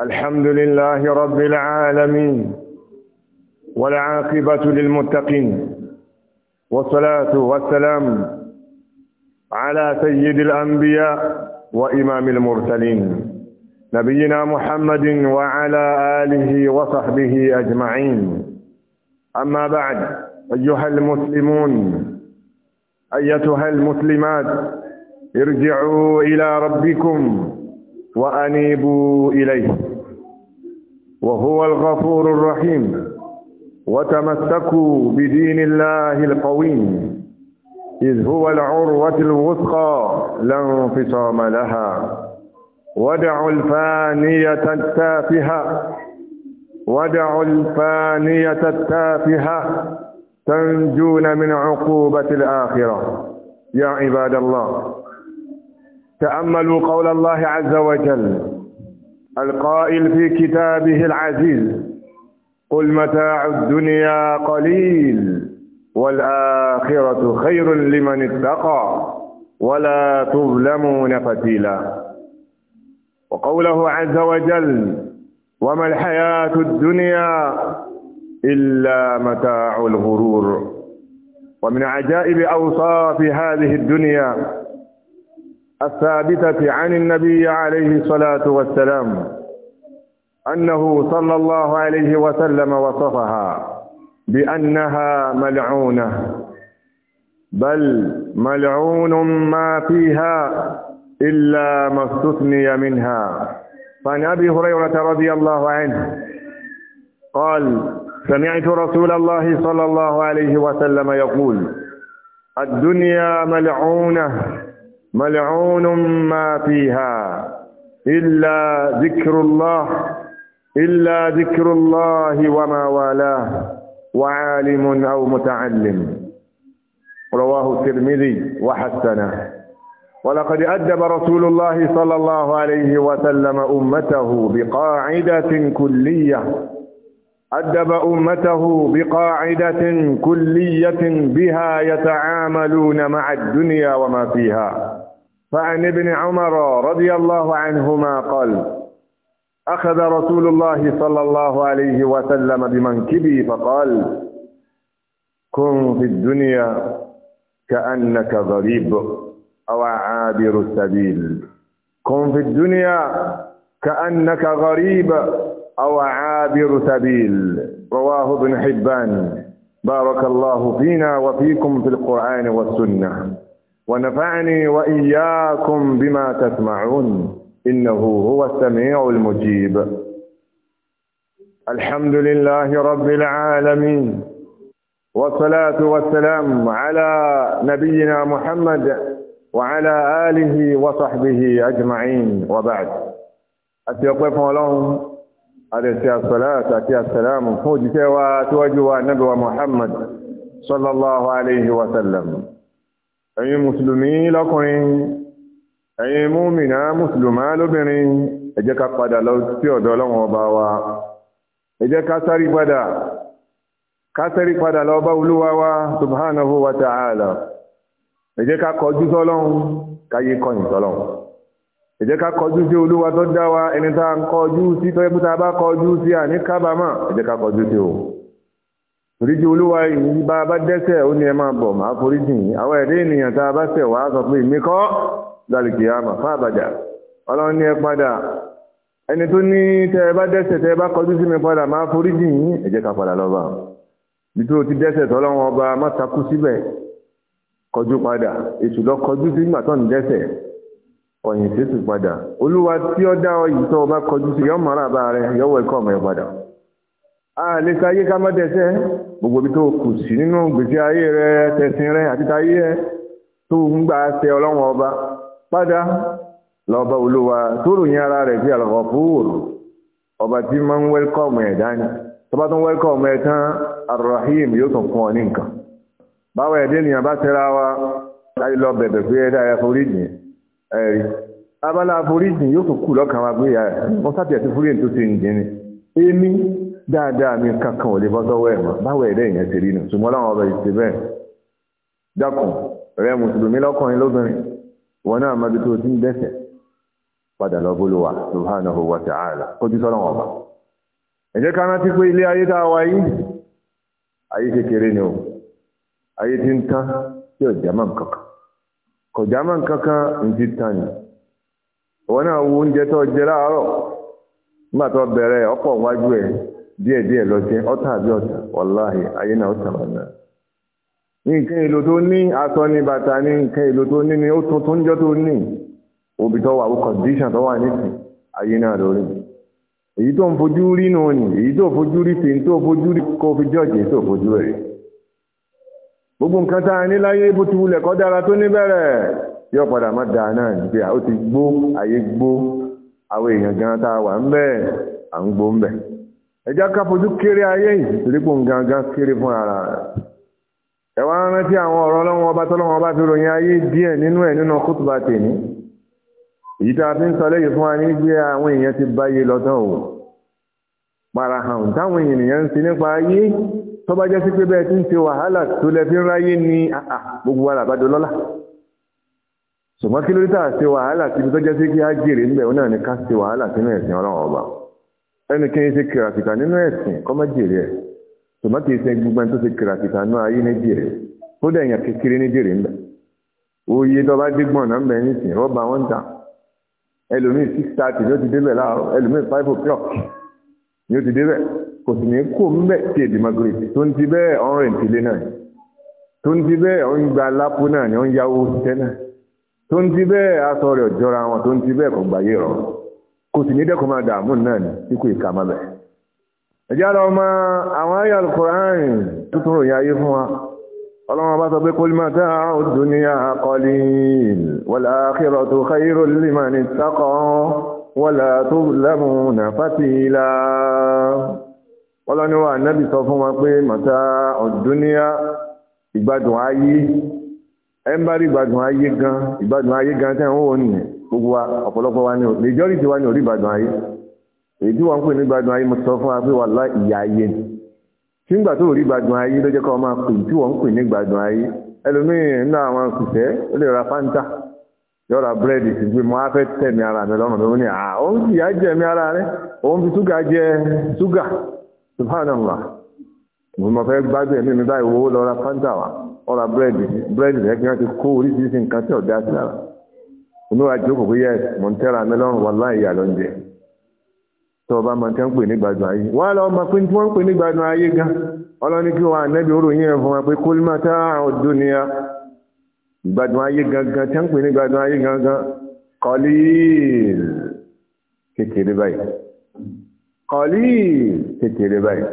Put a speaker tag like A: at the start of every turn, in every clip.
A: الحمد لله رب العالمين والعاقبة للمتقين والصلاة والسلام على سيد الأنبياء وإمام المرسلين نبينا محمد وعلى آله وصحبه أجمعين أما بعد أيها المسلمون أيتها المسلمات ارجعوا إلى ربكم وأنيبوا إليه وهو الغفور الرحيم وتمسكوا بدين الله القويم إذ هو العروة الوثقى لا انفصام لها ودعوا الفانية التافهة ودعوا الفانية التافهة تنجون من عقوبة الآخرة يا عباد الله تأملوا قول الله عز وجل القائل في كتابه العزيز قل متاع الدنيا قليل والآخرة خير لمن اتقى ولا تظلمون فتيلا وقوله عز وجل وما الحياة الدنيا إلا متاع الغرور ومن عجائب أوصاف هذه الدنيا الثابتة عن النبي عليه الصلاة والسلام أنه صلى الله عليه وسلم وصفها بأنها ملعونة بل ملعون ما فيها إلا ما استثني منها فعن أبي هريرة رضي الله عنه قال سمعت رسول الله صلى الله عليه وسلم يقول الدنيا ملعونه ملعون ما فيها إلا ذكر الله إلا ذكر الله وما والاه وعالم أو متعلم رواه الترمذي وحسنه ولقد أدب رسول الله صلى الله عليه وسلم أمته بقاعدة كلية أدب أمته بقاعدة كلية بها يتعاملون مع الدنيا وما فيها فعن ابن عمر رضي الله عنهما قال أخذ رسول الله صلى الله عليه وسلم بمنكبي فقال كن في الدنيا كأنك غريب أو عابر السبيل كن في الدنيا كأنك غريب أو عابر سبيل رواه ابن حبان بارك الله فينا وفيكم في القرآن والسنة ونفعني وإياكم بما تسمعون إنه هو السميع المجيب الحمد لله رب العالمين والصلاة والسلام على نبينا محمد وعلى آله وصحبه أجمعين وبعد أتيقف لهم أتي الصلاة أتي السلام فوجت واتوجه النبي محمد صلى الله عليه وسلم ẹ̀yin mùsùlùmí lọ́kùnrin ẹ̀yin múmìnà mùsùlùmá lóbìnrin ẹ jẹ́ ká padà lọ sí ọ̀dọ̀ ọlọ́run ọba wa ẹ jẹ́ ká sáré padà ká sáré padà lọ bá olúwa wa subhanahu wa ta'ala ẹ jẹ́ ká kọjú sọ́lọ́run káyé kọ̀yìn sọ́lọ́run ẹ jẹ́ kọjú sí olúwa tó dá ẹni torídì olúwa yìí bá bá dẹ́ṣẹ̀ ó ní ẹ máa bọ̀ máa forí jìn yìí àwọn ẹ̀dẹ́ ènìyàn tá a bá ṣẹ̀ wá sọ pé èmi kọ́ dàlùkì àmà fún àbàjá ọlọ́run ní ẹ padà ẹni tó ní tẹ ẹ bá dẹ́ṣẹ̀ tẹ ẹ bá kọjú sí mi padà máa forí jìn yìí ẹ jẹ́ ká padà lọ́ba bí tó ti dẹ́ṣẹ̀ tọ́lọ́run ọba má takú síbẹ̀ kọjú padà èṣù lọ kọjú sí nígbà tó ń ọ̀yìn sí padà olúwa tí ọ dá ọ yìí tó o bá kọjú sí yọ àlè sáyé ká má tẹ̀sẹ̀ gbogbo ibi tó kù sí nínú gbèsè ayé rẹ tẹ̀sìn rẹ àti táyé ẹ tó ń gbà tẹ ọlọ́run ọba padà lọ́ba olúwa tó ròyìn ara rẹ̀ sí àlọ́fọ́fóòrò ọba tí máa ń wẹ́lkọ̀mù ẹ̀ dání tọba tó ń wẹ́lkọ̀mù ẹ̀ tán arrahim yóò tàn fún ọ ní nǹkan báwo ẹ̀dẹ́ ènìyàn bá tẹ́ra wa láyé lọ bẹ̀bẹ̀ pé ẹ̀dá ẹ̀ foríjì ẹ̀rí abala foríjì yóò tún kù lọ́kàn wa pé ẹ̀ wọ́n sábẹ̀ àti foríjì tó ti ń jẹ́ ni èmi dáadáa mi kankan ò lè bọ́ sọ́wọ́ ẹ̀ mọ́ báwo ẹ̀dẹ́ ìyẹn ti rí nù ṣùgbọ́n láwọn ọ̀rọ̀ ìṣe bẹ́ẹ̀ dákun rẹ mùsùlùmí lọ́kùnrin lóbìnrin wọn náà máa tó ti ń dẹ́ṣẹ̀ padà lọ bólúwa wa ta'ala ó ti sọ́nà ọ̀bà ẹ jẹ́ rántí pé ilé ayé tá a ayé kékeré ni o ayé ti ń tán díẹ̀ díẹ̀ lọ ọ́tà àbí ọ̀tà wàláhì ayé náà ọ̀tà wà náà nǹkan èlò tó ní aṣọ ní ní nǹkan èlò tó ní ni ó tuntun ń tó ní òbí tó wà ó condition tó wà nítì ayé náà lórí èyí tó ń fojú rí èyí tó fojú fi tó fojú rí kó fi tó fojú a ní láyé bó tó ní bẹ̀rẹ̀ yóò padà má náà ó ti ayé gbó àwọn èèyàn gan wà ń à ẹjá ká fojú kéré ayé yìí torí pò ń gangan kéré fún ara rẹ̀ ẹ wá rántí àwọn ọ̀rọ̀ ọlọ́wọ́n ọba tọ́lọ́wọ́n ọba fi ròyìn ayé díẹ̀ nínú ẹ̀ nínú kútùbà tèmi èyí tá a fi ń sọ lẹ́yìn fún wa ní gbé àwọn èèyàn ti báyé lọ́tàn o para hàn táwọn ènìyàn ń ṣe nípa ayé tó bá jẹ́ sí pé bẹ́ẹ̀ tí ń ṣe wàhálà tó lẹ fi ń ráyé ní àà gbogbo wa làbádo lọ́lá ṣùgbọ́n kí ló dé tá a ṣe wàhálà síbi tó jẹ́ sí kí á jèrè ńbẹ̀ ó náà ní ká ṣe wàhálà sínú ẹ̀sìn ọlọ́run ọba ẹni kí n ṣe kìràkìtà nínú ẹ̀sìn kọ́mọ́jèrè ẹ̀ tòmá kì í ṣe gbogbo ẹni tó ṣe kìràkìtà náà ayé ní jèrè ó dẹ̀ yàn kékeré ní jèrè ńbẹ oyè tó bá dé gbọ̀n náà ńbẹ nísìn rọ́bà wọn ta ẹlòmíì six thirty ni ó ti débẹ̀ láàárọ̀ ẹlòmíì five o'clock ni ó ti débẹ̀ kò sì ní kó ńbẹ tí èdè magre tó ń ti bẹ́ẹ̀ ọ̀rìn tìlé náà tó ń ti bẹ́ẹ̀ ó gba lápò náà ni ó ń yáwó tẹ́ náà tó ń ti bẹ́ẹ̀ aṣọ rẹ̀ jọra wọn tó ń ti bẹ́ẹ̀ kò gbàyè rọrùn kò sì ní dẹ́kun máa dààmú náà ní kíkó ìka máa bẹ̀. ẹ̀jẹ̀ lọ mọ àwọn ayé alukoran tuntun ròyìn ayé fún wa ọlọ́wọ́n bá sọ pé kul mata'u dunya qalil wal akhiratu khayrun liman ittaqa wala tuzlamuna fatila ọlọ́niwà nábì sọ fún wa pé mata'u dunya ìgbádùn ayé ẹ̀ ìgbádùn ayé gan ìgbádùn ayé gan tẹ́ ń wò nìyẹn gbogbo wa ọ̀pọ̀lọpọ̀ wa ní o majority wa ní orí ayé èyí tí wọ́n ń pè ní ayé mo sọ fún wa pé wà lá ìyá ayé ni tí ń gbà tó orí ayé ló jẹ́ kọ́ máa pè tí wọ́n pè ayé ẹlòmíràn nínú àwọn kùsẹ́ ó lè ra fanta yóò ra búrẹ́dì sí pé mo á fẹ́ ara mi lọ́rùn lórí à òun sì yá mi ara inú wa jókòó pé yẹ mọ̀ ń tẹ́ra mi lọ́rùn wà láì yà lọ́njẹ tó o bá máa tẹ́ ń pè ní gbádùn ayé wọ́n á lọ ọmọ pé tí wọ́n ń pè ní gbádùn ayé gan ọlọ́ni kí wọn ànẹ́bí orò yẹn fún wa pé kul mata'ud dunya gbádùn ayé gangan tẹ́ ń pè ní gbádùn ayé gangan qalil kékeré báyìí qalil kékeré báyìí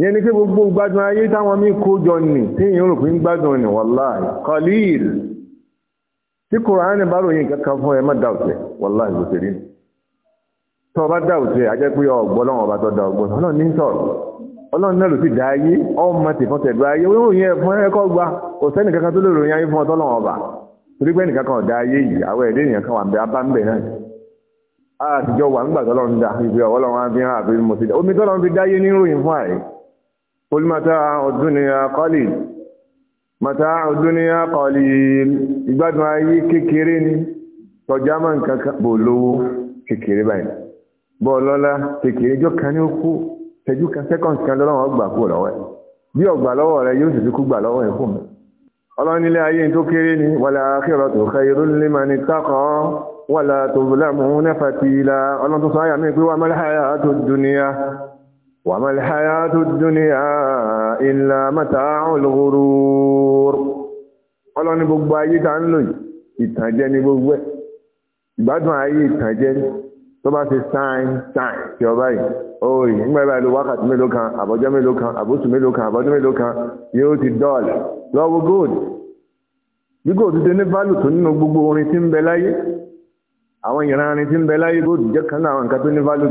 A: yẹn ni pé gbogbo gbádùn ayé táwọn mi kó jọ nì tí rò pé ń gbádùn nì wallahi qalil tí kòránì bá ròyìn kankan fún ẹ má dáùtì wàláhì ìgbòsèré ni tó o bá dáùtì ẹ ajẹ́ pé ọba tó da ọgbọ́n ọlọ́run ní sọ̀rọ̀ ọlọ́run náà ló ayé ọmọ tìfọ́n tẹ̀dọ̀ ayé wọ́n ròyìn fún gba kò kankan tó lè ròyìn ayé fún ọba torí pé nìkan kan ayé yìí àwọn ènìyàn kan wà bẹ náà a wà á mata'u dunya qalil ìgbádùn ayé kékeré ni tọjá máa ń kankan bò lówó kékeré báyìí bọ́ lọ́lá kékeré jọ kan ní ó kú tẹjú kan sẹ́kọ̀ǹd kan lọ́wọ́ gbà kú lọ́wọ́ ẹ̀ bí ọ̀gbà lọ́wọ́ rẹ yóò sì fi kú gbà lọ́wọ́ ẹ̀ fún mi ọlọ́nilé ayé tó kéré ni wal akhiratu khayrun liman ittaqa wala tuzlamuna fatila ọlọ́tún sọ ayà mi pé wà mal hayatu dunya وما الحياة الدنيا إلا متاع الغرور ọlọ́run ní gbogbo ayé tá ń lò yìí ìtànjẹ ní gbogbo ẹ̀ ìgbádùn ayé ìtànjẹ tó bá ṣe sáìn sáìn tí ọba yìí oye nígbà ìbá ìlú wákàtí mélòó kan àbọ̀jọ́ mélòó kan àbóṣù mélòó kan àbọ̀dún mélòó kan yóò ti dọ́ọ̀lì lọ́wọ́ gold bí gold ṣe ní fálù tó nínú gbogbo orin tí ń bẹ láyé àwọn ìran arin tí ń bẹ láyé gold jẹ́ kan náà àwọn nǹkan tó ní fálù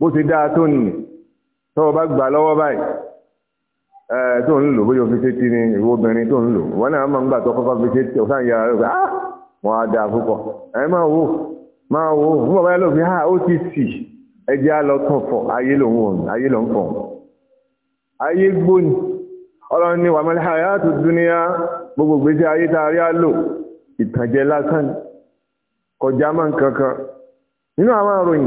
A: bó ṣe dáa tó nìyẹn tọ́wọ́ bá gbà lọ́wọ́ báyìí tó ń lò bóyá òfin sétí ni ìwọ obìnrin tó ń lò wọn náà máa ń gbà tó kọ́kọ́ fi sétí ọ̀sán ìyá rẹ̀ ah wọn á dáa púpọ̀ ẹ máa wò máa wò fún bàbá yẹn lòfin ah ó ti sì ẹjẹ́ á lọ tàn fọ ayé lòun ò ayé lòun fọ ayé gbóni ọlọ́run ni wàmọ́lẹ́ hayatu dunya gbogbo gbèsè ayé tá a rí á lò ìtànjẹ lásán kọjá máa ń kankan nínú àwọn àròyìn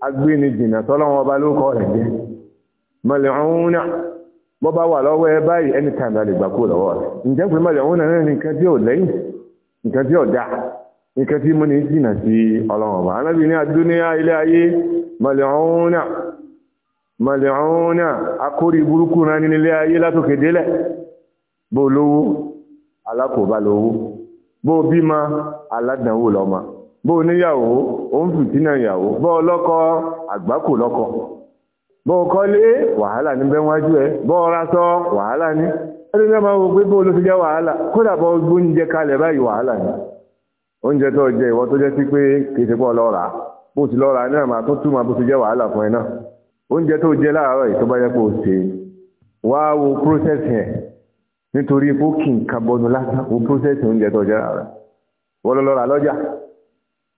A: agbéni jìnà tọ́lọ́wọ́n ọba ló kọ́ rẹ̀ jẹ́ mọ̀lẹ̀ ọ̀hún náà bọ́ bá wà lọ́wọ́ ẹ báyìí ẹni tàbí alẹ́ lọ́wọ́ rẹ̀ ǹjẹ́ pé mọ̀lẹ̀ ọ̀hún náà ní nǹkan tí ò lẹ́yìn nǹkan tí ò nǹkan tí mo ní jìnà sí ọba ní ilé ayé mọ̀lẹ̀ mọ̀lẹ̀ burúkú náà ní ilé ayé látòkè délẹ̀ bó lówó alákòóbá lówó bó bímọ aládàáwò lọ́mọ bó oníyàwó ó ń ìyàwó bó ọlọ́kọ àgbákò lọ́kọ bó kọ́lé wàhálà ní wájú ẹ bó wàhálà ẹni náà máa pé bó ló fi wàhálà jẹ ìwọ tó sí pé kìí ṣe pọ̀ lọ́ra bó ti lọ́ra náà máa tó túmọ̀ bó ti wàhálà fún ẹ náà oúnjẹ tó jẹ láàárọ̀ yìí tó bá o ṣe wá wo process yẹn nítorí pé ó kì í lásán wo process oúnjẹ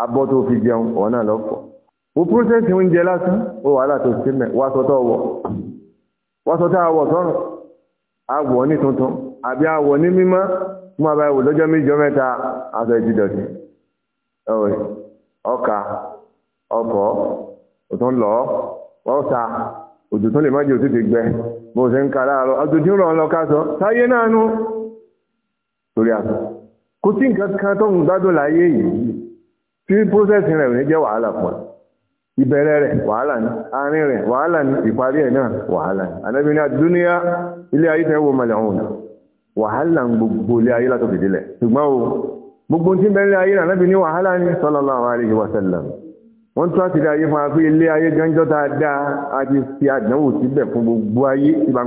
A: abọ́ tó fi jẹun ọ̀ lọ́pọ̀ o prósẹ́sì oúnjẹ lásán ó wàhálà tó sí mẹ́ wàsọ̀tọ̀ wọ̀ wàsọ̀tọ̀ àwọ̀ sọ́rọ̀ ní tuntun àbí àwọ̀ ní mímọ́ mú àbá lọ́jọ́ méjọ mẹ́ta aṣọ ìdídọ̀tí ọkà ọkọ̀ lọ tí prósẹ̀sì rẹ̀ ní jẹ́ wàhálà pọ̀ ìbẹ̀rẹ̀ rẹ̀ wàhálà ní àárín rẹ̀ wàhálà ní ìparí ẹ̀ náà wàhálà ní anábì ní àdúníyá ilé ayé tẹ́ wo mọ̀lẹ̀ ọ̀hún wàhálà ń gbogbo ilé ayé látọ̀ fìdí lẹ̀ sallallahu alaihi wa sallam wọ́n tún àti ayé fún apé ilé ayé gánjọ́ tá a dá a ti fi àdánwò síbẹ̀ fún gbogbo ayé tí bá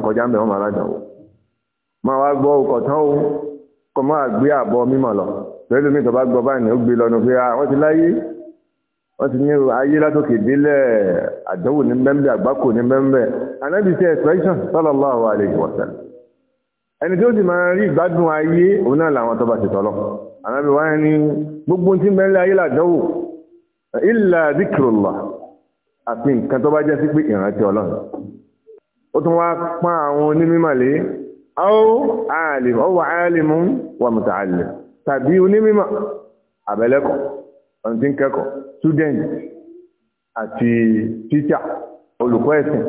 A: ń àbọ̀ mímọ̀ lọ pẹ̀lú mi tó bá gbọ́ ó gbé lọ́nu pé ah, wọ́n ti láyé wọ́n ti ní ayé látòkè délẹ̀ àdánwò ní mẹ́mbẹ́ àgbákò ní mẹ́mbẹ́ anábì expression sallallahu alayhi wa sallam ẹni tí ó sì máa rí ìgbádùn ayé òun náà làwọn tó ti tọ́lọ̀ illa zikrullah àti àwọn ọ́ wà tàbí onímímọ̀ àbẹ̀lẹ́kọ̀ ọ̀nà tí student àti teacher olùkọ́ ẹ̀sìn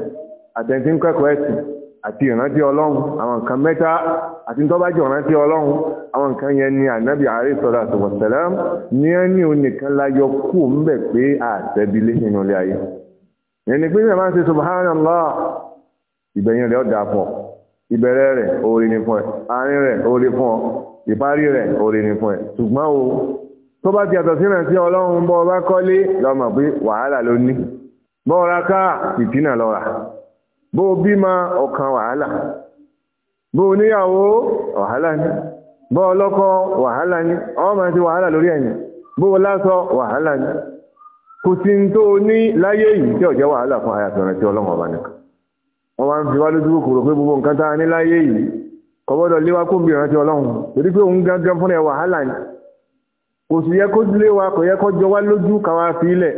A: àtẹni tí ẹ̀sìn àti ìrántí ọlọ́run àwọn nǹkan mẹ́ta àti tọ́bájì ìrántí ọlọ́run àwọn nǹkan yẹn ni ànábì ní ẹ́ ní onìkan láyọ kú ń bẹ̀ pé nínú ilé ní ìparí rẹ̀ orí ni fún ẹ̀ ṣùgbọ́n o tó bá ti sí ọlọ́run bọ́ ọba kọ́lé lọ́mọ̀ pé wàhálà ló ní bọ́ ọra ká lọ́ra bó ọ̀kan wàhálà bó wàhálà ni bó o wàhálà ọmọ ti wàhálà lórí ẹ̀yìn bó lásọ wàhálà ni kò sí ní tó ní láyé yìí tí ọ̀jẹ́ wàhálà fún ayàtọ̀ rẹ̀ ọlọ́run ọba nìkan wọ́n wá ń fi wá lójú pé gbogbo nǹkan tá kọ́bọ́dọ̀ léwá kó bí ìrántí ọlọ́run torí pé òun gángan fúnra wàhálà ni kò sì yẹ kó léwá kò yẹ kó jọ wá lójú káwá sílẹ̀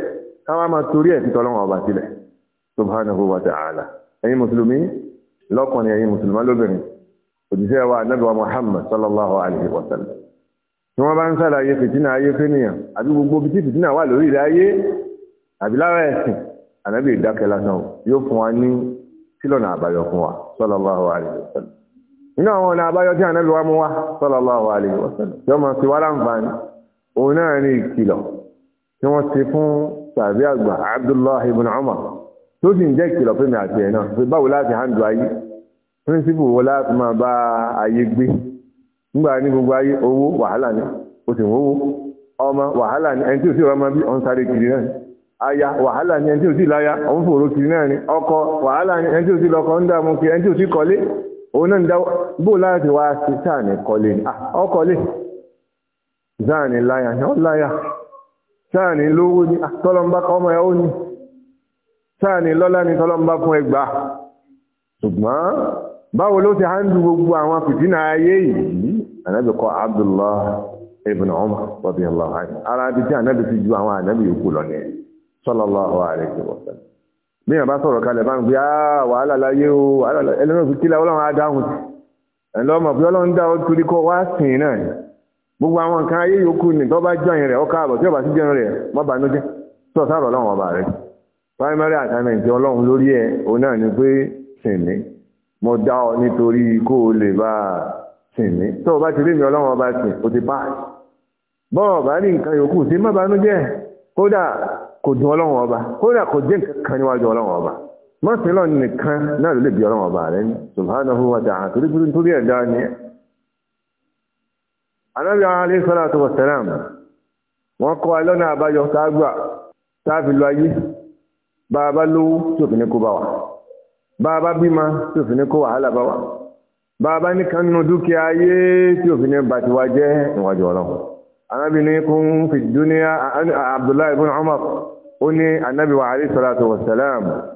A: káwá máa torí ẹ̀ fi tọ́lọ́run ọba sílẹ̀ subhanahu wa ta'ala ẹ̀yin mùsùlùmí lọ́kùnrin ẹ̀yin mùsùlùmá lóbìnrin òjíṣẹ́ wa ànábì wa muhammad sallallahu alayhi wa sallam tí wọ́n bá ń sàlàyé fìtínà ayé fẹ́nìyàn àbí gbogbo bí tí fìtínà wà lórí ilẹ̀ ayé àbí lára ẹ̀sìn ànábì ìdákẹ́ lásán yóò fún wa ní sílọ̀nà àbáyọ fún wa sallallahu alayhi wa sallam inú àwọn ọ̀nà àbáyọ tí ànábì wa mú wá sallallahu alaihi wasallam yọ máa fi wá láǹfààní òun náà ní ìkìlọ̀ tí wọ́n ti fún tàbí àgbà Abdullahi ibn Umar tó sì ń jẹ́ ìkìlọ̀ fún mi àti ẹ̀ náà pé báwo láti hàndù ayé píríncípù wo láti máa bá ayé gbé nígbà ní gbogbo ayé owó wàhálà ni o sì ń wówó ọmọ wàhálà ni ẹni tí ò sí ọmọ bí ọ̀n sáré kiri náà aya wàhálà ni ẹni tí ò sí láya ọ̀n fòrò kiri náà ni ọkọ wàhálà ni ẹni tí ò sí lọkọ bó láti wá sí sáàni kọlé ní ọkọlé ah, sáàni láyà ní ọláyà sáàni lówó ní ah, tọ́lọ́mbá ọmọ ẹ̀ ó ní sáàni lọ́lá ní tọ́lọ́mbá fún ẹgbà ṣùgbọ́n báwo ló ti hándù gbogbo àwọn fìtínà ayé yìí anábìkọ Abdullah ibn Umar radiyallahu anhu ara bí tí anábì ti ju àwọn anábì yòókù lọ ní sallallahu alaihi wa sallam bí yàn bá sọ̀rọ̀ kalẹ̀ bá ń gbé ah, wàhálà láyé o wàhálà ẹlẹ́nu fi kílẹ̀ ọlọ́run á ẹ̀lọ́mọ̀ bí ọlọ́run dá ọdún torí kọ́ wá sìn náà ni gbogbo àwọn nǹkan ayé yòókù ni tó bá jọyìn rẹ̀ ọkọ̀ àbọ̀ tí ọba sí jẹun rẹ̀ má bàánú jẹ́ tó sáàrọ̀ ọlọ́run ọba rẹ̀ primary assignment ọlọ́run lórí ẹ̀ òun náà ni pé sìn mí mo dá ọ nítorí kó o lè bá a sìn mí tó o bá ti rí mi ọlọ́run ọba sìn o ti pass bọ́ọ̀ bá rí nǹkan yòókù sí má bàánú jẹ́ kódà kò dùn ọlọ́run ọba kódà kò dé nǹkan níwájú ọlọ́run ọba mọ́sí lọ nìkan náà ló lè bí ọlọ́wọ̀n bá rẹ̀ ní subhanahu wa ta'ala torí gúrú nítorí ẹ̀dá ni ẹ́ anábì alayhi salatu wa salam wọ́n kọ́ alọ́nà àbáyọ sáàgbà sáàfi lọ ayé bá a bá lówó tí òfin kó bá wà bá a bá bímọ tí òfin kó wàhálà bá wà bá a bá nìkan nínú dúkìá ayé tí òfin bá ti jẹ́ ìwájú ọlọ́run anábì ní kún fi dúníà Abdullahi ibn Umar ó ní anábì wa alayhi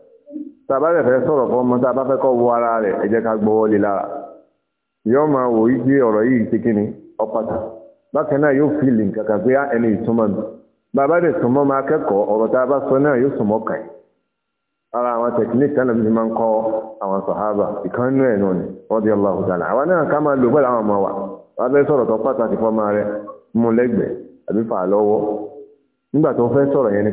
A: tàbá rẹ̀ fẹ́ sọ̀rọ̀ fún ọmọ tàbá kọ́ wọ ara rẹ̀ ẹ ká gbọ́wọ́ lára yóò máa wò yí pé ọ̀rọ̀ yìí ti kíni ọ̀pàtà bákan náà yóò fi lè pé á ẹni ìtumọ̀ mi bàbá máa kẹ́kọ̀ọ́ a bá sọ náà yóò súnmọ́ kàn ara àwọn tẹkiníkì tánà bí máa ń kọ́ àwọn sàhábà ìkànnú ẹ̀ náà ni wọ́n di náà ká máa lò àwọn ọmọ wa sọ̀rọ̀ tó pàtàkì fọ́mọ mú lẹ́gbẹ̀ẹ́ àbí fà lọ́wọ́ nígbà tó fẹ́ sọ̀rọ̀ yẹn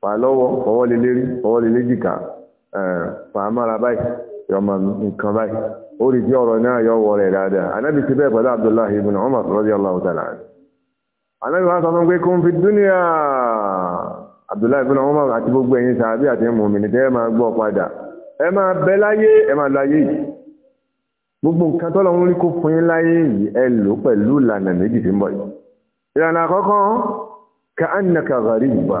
A: fà lọ́wọ́ fọwọ́ lé lérí fọwọ́ lé léjìká fà mára báyìí yọmọ nǹkan báyìí ó rí tí ọ̀rọ̀ náà yọ wọ rẹ̀ dáadáa anábì ti bẹ́ẹ̀ pẹ̀lú abdullahi ibn umar radiyallahu ta'ala anábì wa sọ fún pé kún fi dúnìyà abdullahi àti gbogbo ẹ̀yin sàbí àti ẹ máa gbọ́ padà ẹ ẹ máa láyé gbogbo nǹkan tọ́lọ̀ ń rí kó fún yín láyé yìí ẹ lò pẹ̀lú ìlànà méjì tí ń bọ̀ yìí ìlànà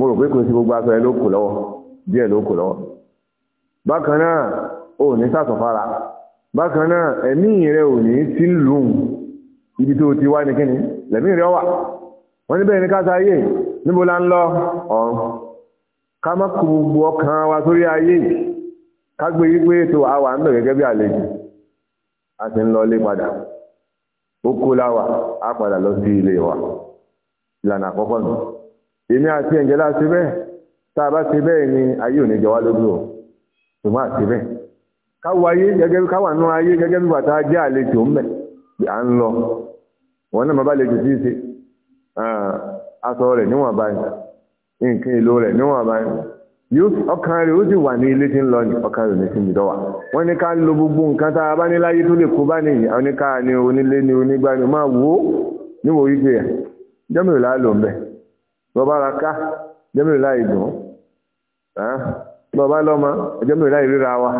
A: mo rò pé kò sí gbogbo aṣọ ẹ lọ́wọ́ díẹ̀ ló lọ́wọ́ bákan náà ò ní sàtọ̀fara bákan náà ibi tó ti wá ní kíni lẹ́mí rẹ wà wọ́n níbẹ̀ ní káta ayé níbo la ń lọ ọ̀run ká má gbogbo ọkàn wa sórí ayé ká gbé yí ètò àwa ń bẹ̀ gẹ́gẹ́ bí àlejò a ti ń lọ ilé padà wa ìlànà àkọ́kọ́ nù. èmi àti ẹ̀ǹjẹ́ láti bẹ́ẹ̀ tá a bá ti bẹ́ẹ̀ ni ayé ò ní jọ wá lójú o ṣùgbọ́n àti bẹ́ẹ̀ káwọ ayé gẹ́gẹ́ bí káwà nú ayé gẹ́gẹ́ bí bàtà jẹ́ àlejò ńbẹ̀ à ń lọ wọn náà bá lejò tí í ṣe aṣọ rẹ̀ níwọ̀n báyìí nǹkan èlò rẹ̀ níwọ̀n báyìí ọkàn rẹ̀ ó sì wà ní ilé tí ń lọ ní ọkàn rẹ̀ ní sí ìdọ́ wa wọ́n ní ká lo gbogbo nǹkan tá a bá ní láyé tó lè kó bá nìyí àwọn ní ká onílé ní onígbà ní máa wò ó níwò wípé ẹ̀ jọ́mìlá lò ń bẹ̀ lọ́ba ara ká jẹ́mìrì láì dùn lọ́ba lọ́mọ jẹ́mìrì láì ríra wa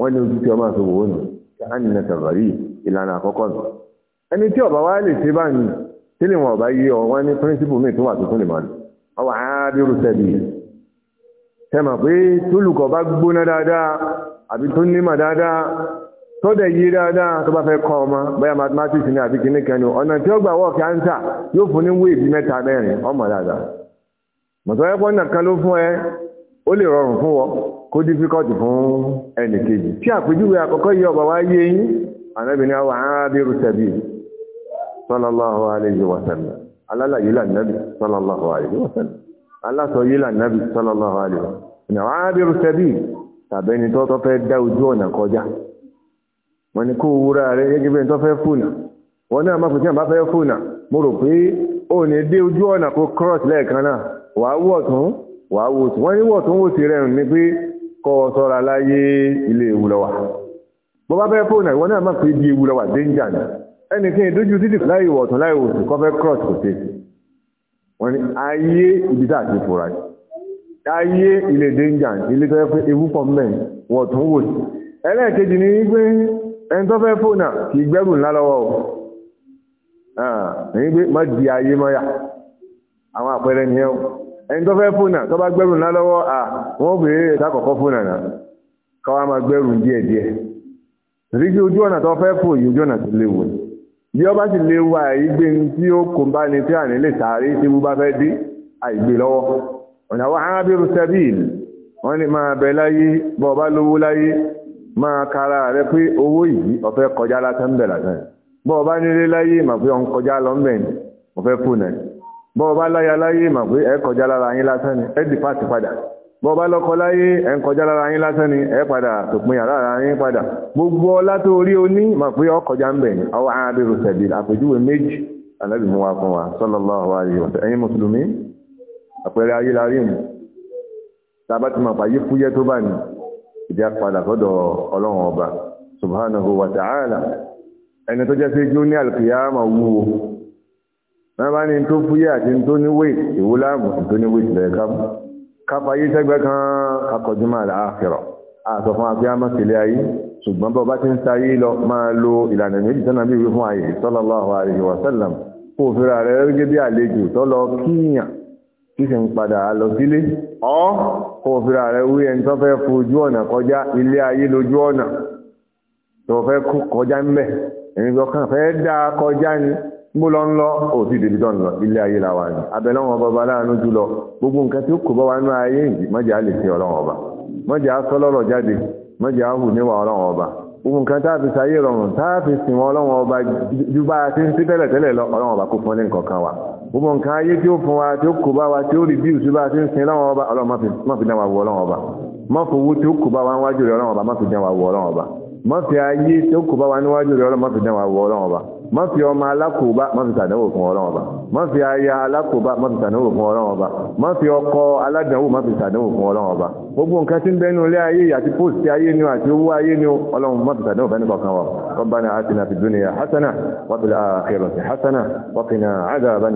A: wọ́n ní ojú tí ọmọ àti òwò nù káàní na tàbárí ìlànà àkọ́kọ́ nù ẹni tí ọba wa lè ṣe bá ní tí lè wọn ọba yí ọ wọn ní píríncípù míì tó wà tó tún lè máa lò ọwọ́ àádúró sẹ́bi pé tólùkọ́ bá gbóná dáadáa tó dẹ̀ yí dáadáa tó bá fẹ́ kọ́ ọmọ bẹ́ẹ̀ mathematics ní àti kìíní kan ní ọ̀nà tí ó gbà wọ́ kíáńsà yóò fún ní wéèdì mẹ́ta mẹ́rin ọmọ dáadáa mọ̀tò ẹ̀kọ́ náà kan ló fún ẹ ó lè rọrùn fún wọ kó difficult fún ẹnì kejì tí àpèjúwe àkọ́kọ́ yìí ọba yé yín àwọn wa alálàyé lànàbì sallallahu wa wọ́n ní kó wúra rẹ̀ gẹ́gẹ́ bí ẹni tó fẹ́ fònà wọ́n náà máa fòtíyàn bá fẹ́ fònà mo rò pé ó ní dé ojú ọ̀nà kó cross lẹ́ẹ̀kan náà wàá wọ̀ tún wàá wò tún wọ́n ní wọ̀ tún wò sí rẹ̀ ní pé kọ́ ọ sọ́ra láyé ilé ewu lọ́wà bó bá fẹ́ fònà wọ́n náà máa fi di ewu lọ́wà danger ni ẹnì kí n dojú títì láì wọ̀ tún láì wò tún kọ́ fẹ́ cross kò sí wọ́n ní ayé ibi tá àti fòrà ni ẹlẹ́ẹ̀kejì ni wípé ẹni tó fẹ́ fóònà kì í gbẹ́rù ńlá lọ́wọ́ o ah, ẹ̀yìn pé má di ayé mọ́yà àwọn àpẹẹrẹ nìyẹn o ẹni tó fẹ́ fóònà tó bá gbẹ́rù ńlá lọ́wọ́ à ah, wọ́n bèèrè ìdákọ̀ọ́kọ́ fóònà náà káwá máa gbẹ́rù díẹ̀ díẹ̀ rí kí ojú ọ̀nà tó fẹ́ fò yìí ojú ọ̀nà tó léwu bí ọba sì léwu àìgbé tí ó kò bá ní tí àní lè sáré tí bú bá fẹ́ dé àìgbé lọ́wọ́ ọ̀nà àwọn arábìrú sẹ́bìlì wọ́n ní máa bẹ láyé bọ́ ọba lówó láyé máa kára rẹ pé owó yìí ọ̀fẹ́ kọjá lásán bẹ̀ lásán bọ́ ọba nílé láyé mà pé ọ̀n kọjá lọ ń bẹ̀ ni ọ̀fẹ́ fún ẹ bọ́ ọba láya láyé mà pé ẹ kọjá lára yín lásán ni ẹ dìpáàtì padà bọ́ ọba lọ́kọ láyé ẹ ń kọjá lára yín lásán ni ẹ padà tòpin àlára yín padà gbogbo ọlá tó rí o ní mà pé ọ kọjá ń bẹ̀ ni àwọn arábìrò sẹ̀dí àpèjúwe méjì anábì mú wa fún wa sallallahu alaihi wa sallam ìjà padà sọ́dọ̀ ọlọ́run ọba subhanahu wa ta'ala ẹni tó jẹ́ sí jù ní alkiyama wúwo náà bá ní tó fúyẹ́ àti tó ní wéèt ìwú láàmù tó ní wéèt bẹ̀rẹ̀ ká kápa yí sẹ́gbẹ́ kan kakọjúmọ́ àlàáfẹ́rọ̀ àtọ̀ fún afẹ́yàmá sílẹ̀ ayé ṣùgbọ́n bọ́ bá ti ń sáyé kó fira rẹ̀ wí ẹni tó fẹ́ fojú ọ̀nà kọjá ilé ayé lójú ọ̀nà tó fẹ́ kọjá ń bẹ̀ ẹni tó kàn fẹ́ dá kọjá ni lọ lọ òsì ilé ayé la ní láàánú gbogbo nǹkan tí ó kò bá ayé yìí mọ́jà lè fi ọlọ́wọ̀n ọba mọ́jà sọ́lọ́rọ̀ jáde mọ́jà hù ohun kan tá a fi sáyé rọrùn tá a fi sìn wọn ọlọ́run ọba ju bá a ti ń sí tẹ́lẹ̀ tẹ́lẹ̀ lọ ọlọ́run ọba kó fún ní nǹkan kan wa gbogbo nǹkan ayé tí ó fún wa tí ó kó bá wa tí ó rí bí ìṣú bá a ti ń sin ọlọ́run ọba ọlọ́run má fi wọ ọlọ́run ọba má fowó tí ó kó bá wa níwájú rẹ ọlọ́run ọba má fi dán wọ ọlọ́run ọba má fi ayé tí ó kó bá wa níwájú rẹ ọlọ́run má fi dán wọ ọlọ́run ọba má fi ọmọ alákòóbá má fi sàdánwò fún ọlọ́wọ́n ọba má fi aya alákòóbá má fi sàdánwò fún ọlọ́wọ́n ọba má fi ọkọ aládánwò má fi sàdánwò fún ọlọ́wọ́n ọba gbogbo nǹkan tí ń bẹ́nu ilé ayé àti pósìtì ayé ni àti owó ayé ni ọlọ́run má fi sàdánwò bẹ́ni kankan wa Rabbana atina fid dunya hasana wa fil akhirati hasana wa qina adhaban